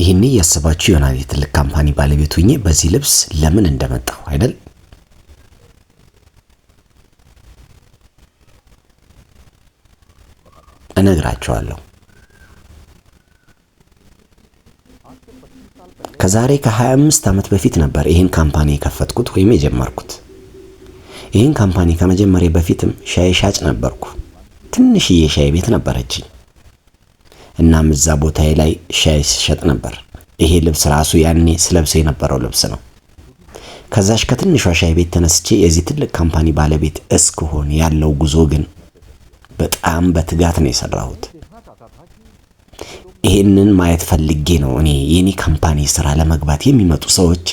ይህን እያሰባችሁ ይሆናል የትልቅ ካምፓኒ ባለቤት ሁኜ በዚህ ልብስ ለምን እንደመጣሁ አይደል? እነግራቸዋለሁ። ከዛሬ ከ25 ዓመት በፊት ነበር ይህን ካምፓኒ የከፈትኩት ወይም የጀመርኩት። ይህን ካምፓኒ ከመጀመሪያ በፊትም ሻይ ሻጭ ነበርኩ። ትንሽዬ ሻይ ቤት ነበረችኝ። እናም እዛ ቦታዬ ላይ ሻይ ሲሸጥ ነበር። ይሄ ልብስ ራሱ ያኔ ስለብሰ የነበረው ልብስ ነው። ከዛሽ ከትንሿ ሻይ ቤት ተነስቼ የዚህ ትልቅ ካምፓኒ ባለቤት እስክሆን ያለው ጉዞ ግን በጣም በትጋት ነው የሰራሁት። ይህንን ማየት ፈልጌ ነው እኔ የኔ ካምፓኒ ስራ ለመግባት የሚመጡ ሰዎች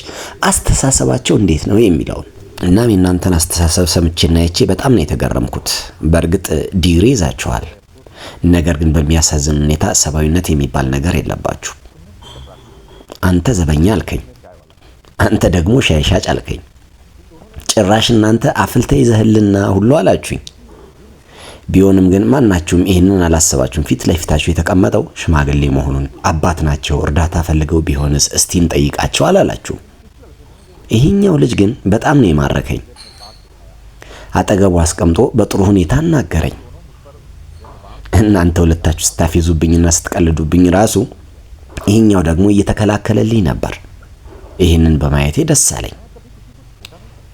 አስተሳሰባቸው እንዴት ነው የሚለውን። እናም የእናንተን አስተሳሰብ ሰምቼና አይቼ በጣም ነው የተገረምኩት። በእርግጥ ዲግሪ ይዛችኋል ነገር ግን በሚያሳዝን ሁኔታ ሰብአዊነት የሚባል ነገር የለባችሁ። አንተ ዘበኛ አልከኝ፣ አንተ ደግሞ ሻይሻጭ አልከኝ። ጭራሽ እናንተ አፍልተ ይዘህልና ሁሉ አላችሁኝ። ቢሆንም ግን ማናችሁም ይህንን አላሰባችሁም። ፊት ለፊታችሁ የተቀመጠው ሽማግሌ መሆኑን አባት ናቸው፣ እርዳታ ፈልገው ቢሆንስ እስቲ እንጠይቃቸው አላላችሁ። ይህኛው ልጅ ግን በጣም ነው የማረከኝ። አጠገቡ አስቀምጦ በጥሩ ሁኔታ አናገረኝ። እናንተ ሁለታችሁ ስታፌዙብኝና ስትቀልዱብኝ ራሱ ይህኛው ደግሞ እየተከላከለልኝ ነበር። ይህንን በማየቴ ደስ አለኝ።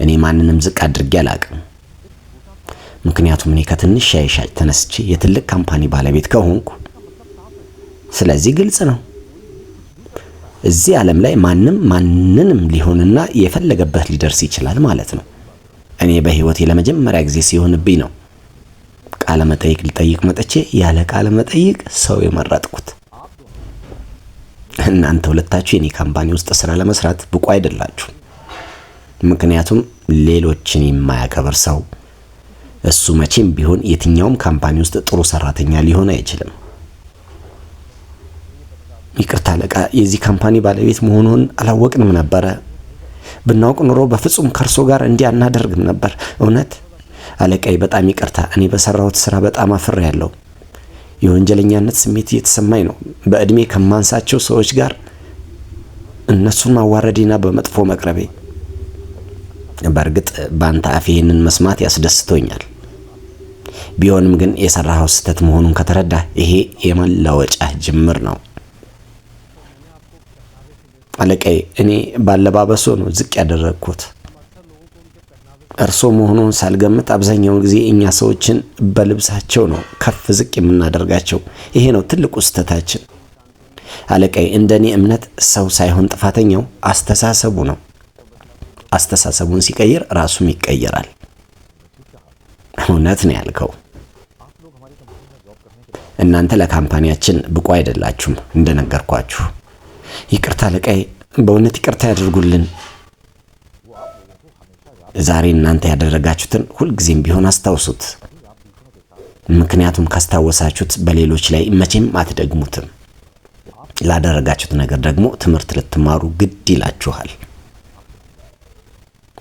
እኔ ማንንም ዝቅ አድርጌ አላቅም። ምክንያቱም እኔ ከትንሽ ሻይ ሻጭ ተነስቼ የትልቅ ካምፓኒ ባለቤት ከሆንኩ፣ ስለዚህ ግልጽ ነው እዚህ ዓለም ላይ ማንም ማንንም ሊሆንና የፈለገበት ሊደርስ ይችላል ማለት ነው። እኔ በህይወቴ ለመጀመሪያ ጊዜ ሲሆንብኝ ነው ቃለ መጠይቅ ልጠይቅ መጥቼ ያለ ቃለ መጠይቅ ሰው የመረጥኩት። እናንተ ሁለታችሁ የኔ ካምፓኒ ውስጥ ስራ ለመስራት ብቁ አይደላችሁ። ምክንያቱም ሌሎችን የማያከብር ሰው እሱ መቼም ቢሆን የትኛውም ካምፓኒ ውስጥ ጥሩ ሰራተኛ ሊሆን አይችልም። ይቅርታ አለቃ፣ የዚህ ካምፓኒ ባለቤት መሆኑን አላወቅንም ነበረ። ብናውቅ ኑሮ በፍጹም ከእርሶ ጋር እንዲህ አናደርግም ነበር። እውነት አለቃይ በጣም ይቅርታ፣ እኔ በሰራሁት ስራ በጣም አፍሬ ያለው የወንጀለኛነት ስሜት እየተሰማኝ ነው። በእድሜ ከማንሳቸው ሰዎች ጋር እነሱን ማዋረዴና በመጥፎ መቅረቤ። በእርግጥ በአንተ አፍ ይህንን መስማት ያስደስቶኛል። ቢሆንም ግን የሰራኸው ስህተት መሆኑን ከተረዳ ይሄ የመለወጫ ጅምር ነው። አለቃዬ፣ እኔ ባለባበሶ ነው ዝቅ ያደረግኩት። እርሶ መሆኑን ሳልገምት አብዛኛውን ጊዜ እኛ ሰዎችን በልብሳቸው ነው ከፍ ዝቅ የምናደርጋቸው። ይሄ ነው ትልቁ ስህተታችን። እንደ እንደኔ እምነት ሰው ሳይሆን ጥፋተኛው አስተሳሰቡ ነው። አስተሳሰቡን ሲቀይር ራሱም ይቀየራል። እውነት ነው ያልከው። እናንተ ለካምፓኒያችን ብቁ አይደላችሁም እንደነገርኳችሁ። ይቅርታ አለቃይ፣ በእውነት ይቅርታ ያደርጉልን። ዛሬ እናንተ ያደረጋችሁትን ሁልጊዜም ቢሆን አስታውሱት። ምክንያቱም ካስታወሳችሁት በሌሎች ላይ መቼም አትደግሙትም። ላደረጋችሁት ነገር ደግሞ ትምህርት ልትማሩ ግድ ይላችኋል።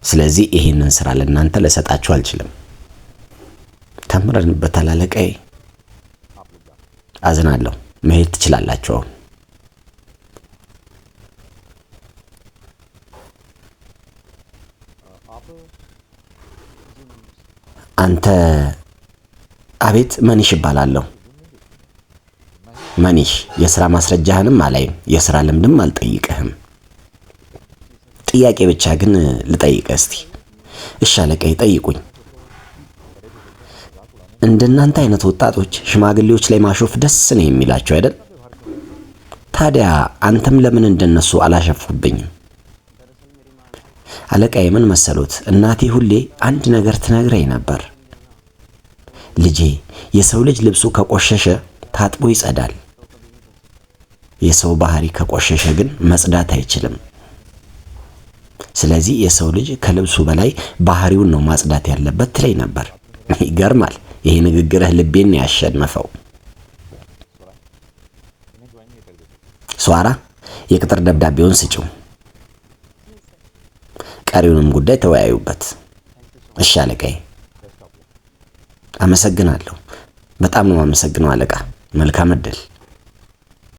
ስለዚህ ይሄንን ስራ ለእናንተ ልሰጣችሁ አልችልም። ተምረንበታል በተላለቀ አዝናለሁ። መሄድ ትችላላችሁ አሁን። አንተ አቤት መኒሽ እባላለሁ። መኒሽ የስራ ማስረጃህንም አላይም፣ የስራ ልምድም አልጠይቅህም። ጥያቄ ብቻ ግን ልጠይቅህ እስቲ። እሺ አለቃዬ ጠይቁኝ። እንደናንተ አይነት ወጣቶች ሽማግሌዎች ላይ ማሾፍ ደስ ነው የሚላቸው አይደል? ታዲያ አንተም ለምን እንደነሱ አላሸፉብኝም? አለቃዬ ምን መሰሎት፣ እናቴ ሁሌ አንድ ነገር ትነግረኝ ነበር ልጄ የሰው ልጅ ልብሱ ከቆሸሸ ታጥቦ ይጸዳል። የሰው ባህሪ ከቆሸሸ ግን መጽዳት አይችልም። ስለዚህ የሰው ልጅ ከልብሱ በላይ ባህሪውን ነው ማጽዳት ያለበት ትለኝ ነበር። ይገርማል። ይሄ ንግግርህ ልቤን ያሸነፈው። ሷራ የቅጥር ደብዳቤውን ስጭው፣ ቀሪውንም ጉዳይ ተወያዩበት። እሺ አለቃዬ። አመሰግናለሁ። በጣም ነው አመሰግነው አለቃ። መልካም እድል